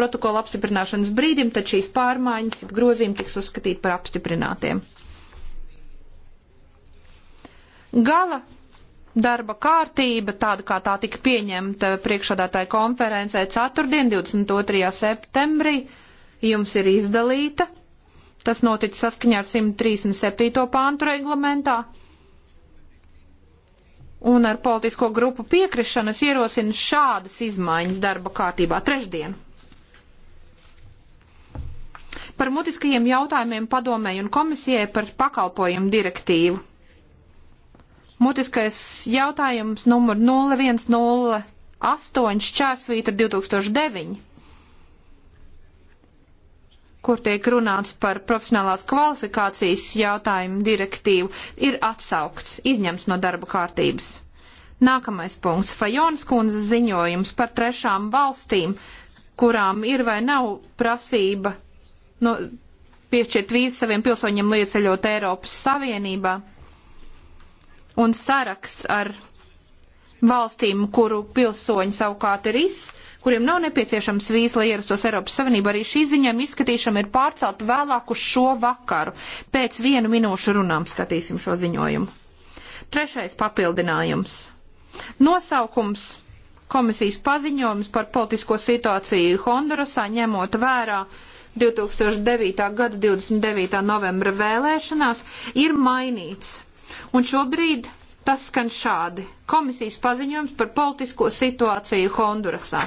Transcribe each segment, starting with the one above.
protokola apstiprināšanas brīdim, tad šīs pārmaiņas grozījumi tiks uzskatīti par apstiprinātiem. Gala darba kārtība, tāda kā tā tika pieņemta priekšādātāja konferencē ceturtdien, 22. septembrī, jums ir izdalīta. Tas notic saskaņā ar 137. pāntu reglamentā. Un ar politisko grupu piekrišanu es ierosinu šādas izmaiņas darba kārtībā trešdien par mutiskajiem jautājumiem padomēju un komisijai par pakalpojumu direktīvu. Mutiskais jautājums numur 0108 šķērsvītra 2009, kur tiek runāts par profesionālās kvalifikācijas jautājumu direktīvu, ir atsaukts, izņemts no darba kārtības. Nākamais punkts - Fajons kundzes ziņojums par trešām valstīm, kurām ir vai nav prasība no, nu, piešķirt vīzu saviem pilsoņiem lieceļot Eiropas Savienībā. Un saraksts ar valstīm, kuru pilsoņi savukārt ir iz, kuriem nav nepieciešams vīzis, lai ierastos Eiropas Savienībā, arī šī ziņojuma izskatīšana ir pārcelta vēlāk uz šo vakaru. Pēc vienu minūšu runām skatīsim šo ziņojumu. Trešais papildinājums. Nosaukums komisijas paziņojums par politisko situāciju Hondurasā ņemot vērā uh, 2009. gada 29. novembra vēlēšanās ir mainīts. Un šobrīd tas skan šādi. Komisijas paziņojums par politisko situāciju Hondurasā.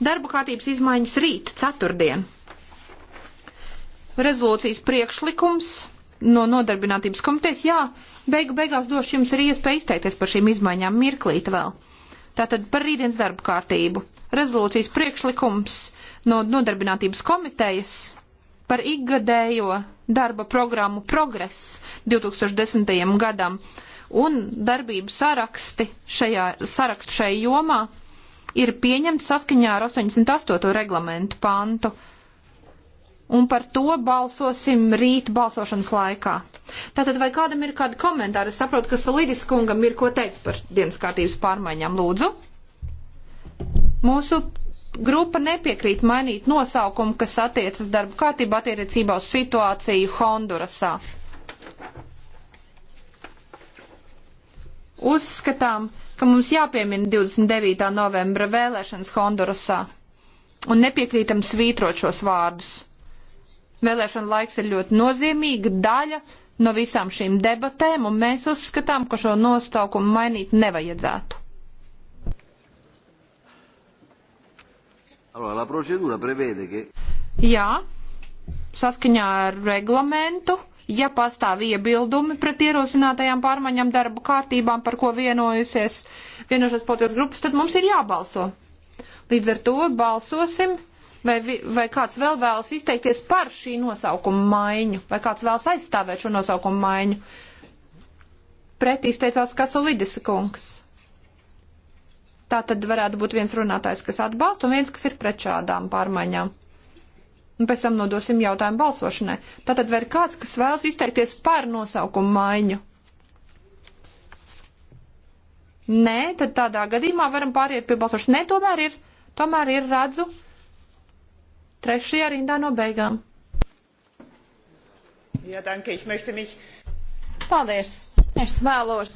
Darba kārtības izmaiņas rīt, ceturtdien. Rezolūcijas priekšlikums no nodarbinātības komitejas, jā, beigu beigās došu jums arī iespēju izteikties par šīm izmaiņām mirklīt vēl. Tātad par rītdienas darba kārtību. Rezolūcijas priekšlikums no nodarbinātības komitejas par ikgadējo darba programmu progress 2010. gadam un darbību saraksti šajā, sarakstu šai jomā ir pieņemts saskaņā ar 88. reglamentu pantu. Un par to balsosim rīt balsošanas laikā. Tātad vai kādam ir kādi komentāri? Es saprotu, ka Solidis kungam ir ko teikt par dienas kārtības pārmaiņām. Lūdzu. Mūsu Grupa nepiekrīt mainīt nosaukumu, kas attiecas darba kārtībā attiecībā uz situāciju Hondurasā. Uzskatām, ka mums jāpiemina 29. novembra vēlēšanas Hondurasā un nepiekrītam svītrot šos vārdus. Vēlēšana laiks ir ļoti nozīmīga daļa no visām šīm debatēm, un mēs uzskatām, ka šo nostaukumu mainīt nevajadzētu. Allora, che... Jā, saskaņā ar reglamentu, ja pastāv iebildumi pret ierosinātajām pārmaiņām darbu kārtībām, par ko vienojusies vienošās politiskās grupas, tad mums ir jābalso. Līdz ar to balsosim, vai, vai kāds vēl vēlas izteikties par šī nosaukuma maiņu, vai kāds vēlas aizstāvēt šo nosaukuma maiņu. Pret izteicās Kasolidis kungs. Tā tad varētu būt viens runātājs, kas atbalsta, un viens, kas ir pret šādām pārmaiņām. Un pēc tam nodosim jautājumu balsošanai. Tātad var kāds, kas vēlas izteikties par nosaukumu maiņu? Nē, tad tādā gadījumā varam pāriet pie balsošanas. Nē, tomēr ir, tomēr ir redzu trešajā rindā no beigām. Jā, ja, danke, ich möchte mich. Paldies. Es vēlos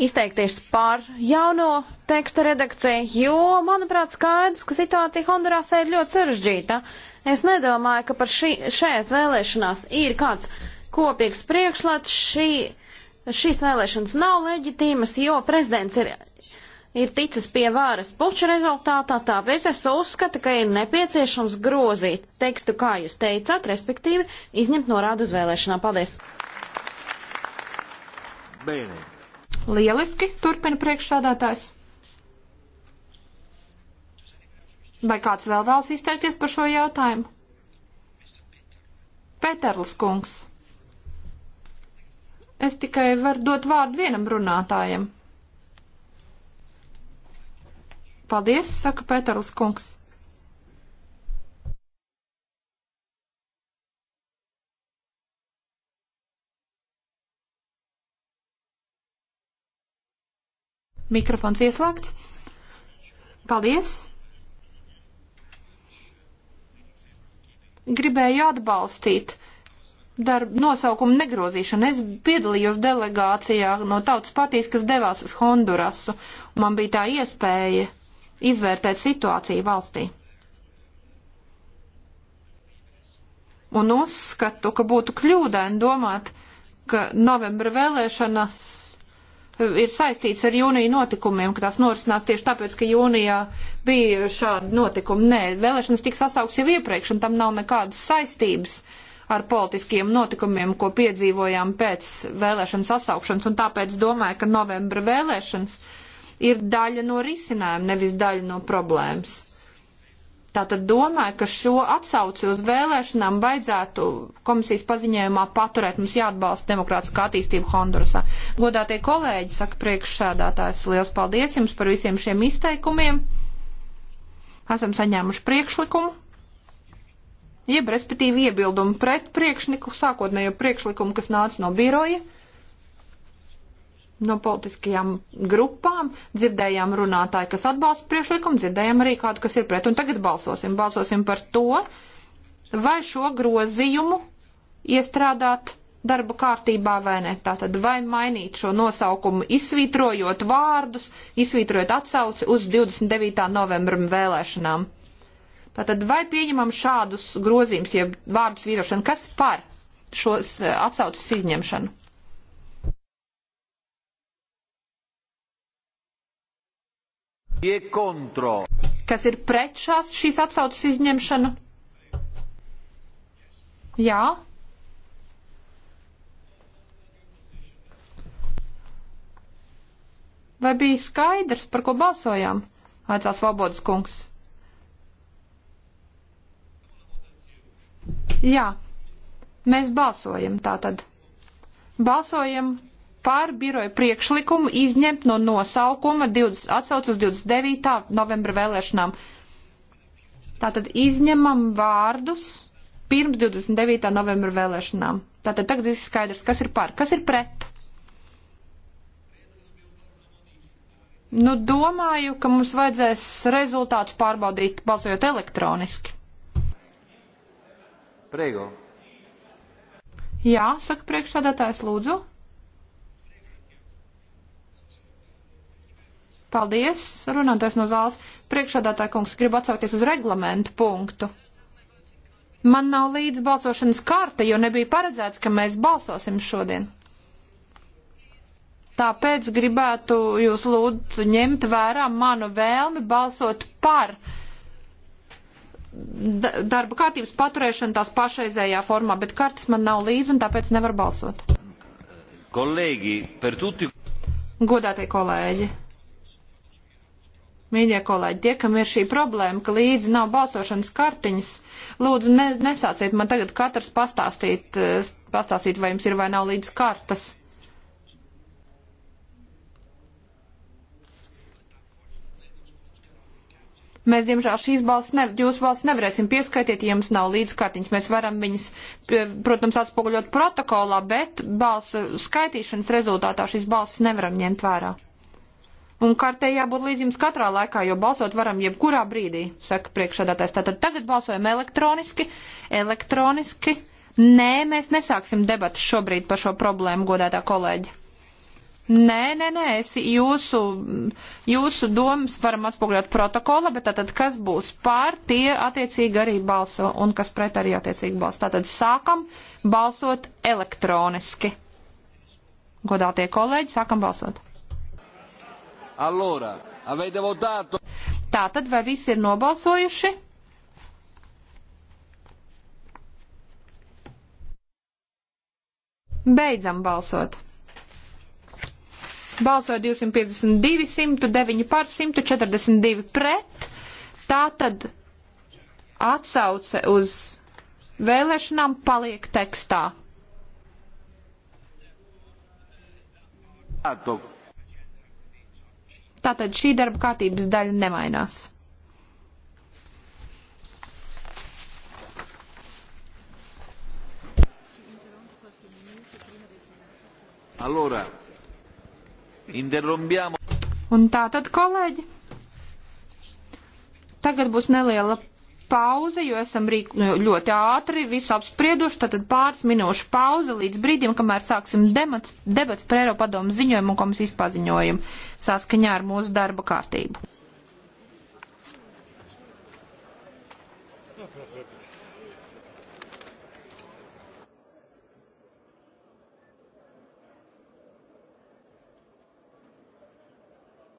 izteikties par jauno teksta redakciju, jo, manuprāt, skaidrs, ka situācija Hondurasē ir ļoti sarežģīta. Es nedomāju, ka par šī, šajās vēlēšanās ir kāds kopīgs priekšlats. Šī, šīs vēlēšanas nav leģitīmas, jo prezidents ir, ir ticis pie vāras puča rezultātā, tāpēc es uzskatu, ka ir nepieciešams grozīt tekstu, kā jūs teicat, respektīvi izņemt norādu uz vēlēšanām. Paldies! Bene. Lieliski, turpina priekšsādātājs. Vai kāds vēl vēlas izteikties par šo jautājumu? Pēterlis kungs. Es tikai varu dot vārdu vienam runātājam. Paldies, saka Pēterlis kungs. Mikrofons ieslēgts. Paldies! Gribēju atbalstīt darb, nosaukumu negrozīšanu. Es piedalījos delegācijā no tautas partijas, kas devās uz Hondurasu. Man bija tā iespēja izvērtēt situāciju valstī. Un uzskatu, ka būtu kļūdaini domāt, ka novembra vēlēšanas ir saistīts ar jūnija notikumiem, ka tās norisinās tieši tāpēc, ka jūnijā bija šādi notikumi. Nē, vēlēšanas tika sasauks jau iepriekš, un tam nav nekādas saistības ar politiskiem notikumiem, ko piedzīvojām pēc vēlēšanu sasaukšanas, un tāpēc domāju, ka novembra vēlēšanas ir daļa no risinājuma, nevis daļa no problēmas. Tātad domāju, ka šo atsauci uz vēlēšanām vajadzētu komisijas paziņojumā paturēt. Mums jāatbalsta demokrātiskā attīstība Hondurasā. Godātie kolēģi, saka priekšsēdātājs, liels paldies jums par visiem šiem izteikumiem. Esam saņēmuši priekšlikumu, jeb respektīvi iebildumu pret priekšniku, sākotnējo priekšlikumu, kas nāca no biroja no politiskajām grupām, dzirdējām runātāju, kas atbalsta priekšlikumu, dzirdējām arī kādu, kas ir pret. Un tagad balsosim. Balsosim par to, vai šo grozījumu iestrādāt darba kārtībā vai ne. Tātad vai mainīt šo nosaukumu, izsvītrojot vārdus, izsvītrojot atsauci uz 29. novembrim vēlēšanām. Tātad vai pieņemam šādus grozījums, ja vārdus vīrošanu, kas par šos eh, atsaucis izņemšanu? Kas ir pret šās, šīs atsaucas izņemšanu? Jā. Vai bija skaidrs, par ko balsojām? Aicās Valbodas kungs. Jā, mēs balsojam tātad. Balsojam par biroju priekšlikumu izņemt no nosaukuma 20, atsauc uz 29. novembra vēlēšanām. Tātad izņemam vārdus pirms 29. novembra vēlēšanām. Tātad tagad viss skaidrs, kas ir par, kas ir pret. Nu, domāju, ka mums vajadzēs rezultātus pārbaudīt, balsojot elektroniski. Priego. Jā, saka priekšsādātājs, lūdzu. Paldies, runātais no zāles. Priekšādātāja kungs grib atsaukties uz reglamentu punktu. Man nav līdz balsošanas karta, jo nebija paredzēts, ka mēs balsosim šodien. Tāpēc gribētu jūs lūdzu ņemt vērā manu vēlmi balsot par darba kārtības paturēšanu tās pašreizējā formā, bet kartas man nav līdz un tāpēc nevar balsot. Kolēģi, per tutti. Godātie kolēģi. Mīļie kolēģi, tie, kam ir šī problēma, ka līdzi nav balsošanas kartiņas, lūdzu ne, nesāciet man tagad katrs pastāstīt, eh, pastāstīt, vai jums ir vai nav līdz kartas. Mēs, diemžēl, šīs balss, ne, jūsu balss nevarēsim pieskaitīt, ja jums nav līdzkartiņas. Mēs varam viņas, eh, protams, atspoguļot protokolā, bet balsu skaitīšanas rezultātā šīs balss nevaram ņemt vērā. Un kartē jābūt līdz jums katrā laikā, jo balsot varam jebkurā brīdī, saka priekšādātais. Tātad tagad balsojam elektroniski, elektroniski. Nē, mēs nesāksim debatas šobrīd par šo problēmu, godētā kolēģi. Nē, nē, nē, es jūsu, jūsu domas varam atspoguļot protokola, bet tātad, kas būs pār, tie attiecīgi arī balso, un kas pret arī attiecīgi balso. Tātad sākam balsot elektroniski. Godātie kolēģi, sākam balsot. Allora, avete votato? Tā tad vai visi ir nobalsojuši? Beidzam balsot. Balsoja 252, 109 par 142 pret. Tā tad atsauce uz vēlēšanām paliek tekstā. Atok. Tātad šī darba kārtības daļa nemainās. Allora, interrompiamo. Un tā tad, kolēģi, tagad būs neliela pauze, jo esam rīk, nu, ļoti ātri visu apsprieduši, tātad pāris minūšu pauze līdz brīdim, kamēr sāksim debats par Eiropadomu ziņojumu un komisijas paziņojumu saskaņā ar mūsu darba kārtību.